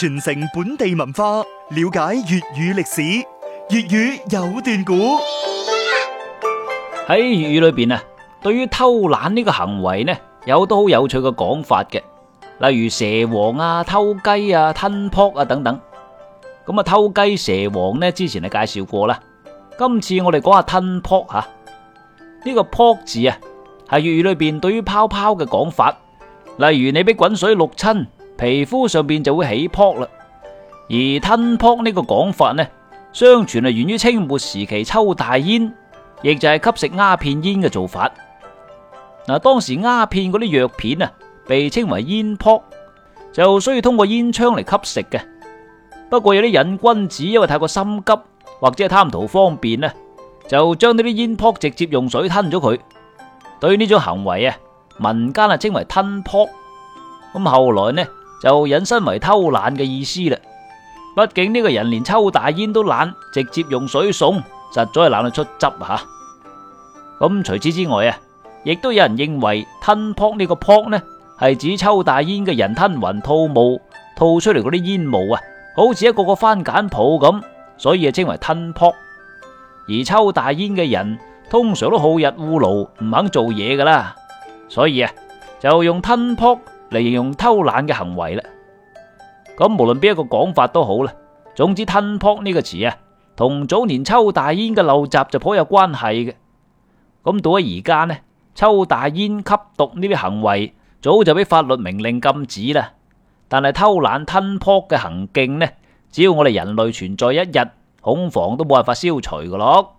傳承本地文化，了解粵語歷史，粵語有段古喺粵語裏邊啊，對於偷懶呢個行為呢，有好多好有趣嘅講法嘅，例如蛇王啊、偷雞啊、吞泡啊等等。咁啊，偷雞蛇王呢，之前你介紹過啦。今次我哋講下吞泡吓，呢個泡字啊，係粵語裏邊對於泡泡嘅講法，例如你俾滾水淥親。皮膚上邊就會起泡啦，而吞泡呢個講法呢，相傳係源於清末時期抽大煙，亦就係吸食鴉片煙嘅做法。嗱，當時鴉片嗰啲藥片啊，被稱為煙泡，就需要通過煙槍嚟吸食嘅。不過有啲癮君子因為太過心急或者係貪圖方便呢，就將呢啲煙泡直接用水吞咗佢。對呢種行為啊，民間啊稱為吞泡。咁後來呢？就引申為偷懶嘅意思啦。畢竟呢個人連抽大煙都懶，直接用水送，實在係懶得出汁啊！吓、嗯，咁除此之外啊，亦都有人認為吞泡呢個泡呢，係指抽大煙嘅人吞雲吐霧，吐出嚟嗰啲煙霧啊，好似一個一個番梘泡咁，所以啊稱為吞泡。而抽大煙嘅人通常都好逸惡勞，唔肯做嘢噶啦，所以啊就用吞泡。嚟形容偷懶嘅行為啦。咁無論邊一個講法都好啦，總之吞泡呢個詞啊，同早年抽大煙嘅陋習就頗有關係嘅。咁到咗而家呢，抽大煙吸毒呢啲行為早就俾法律明令禁止啦。但係偷懶吞泡嘅行徑呢，只要我哋人類存在一日，恐防都冇辦法消除噶咯。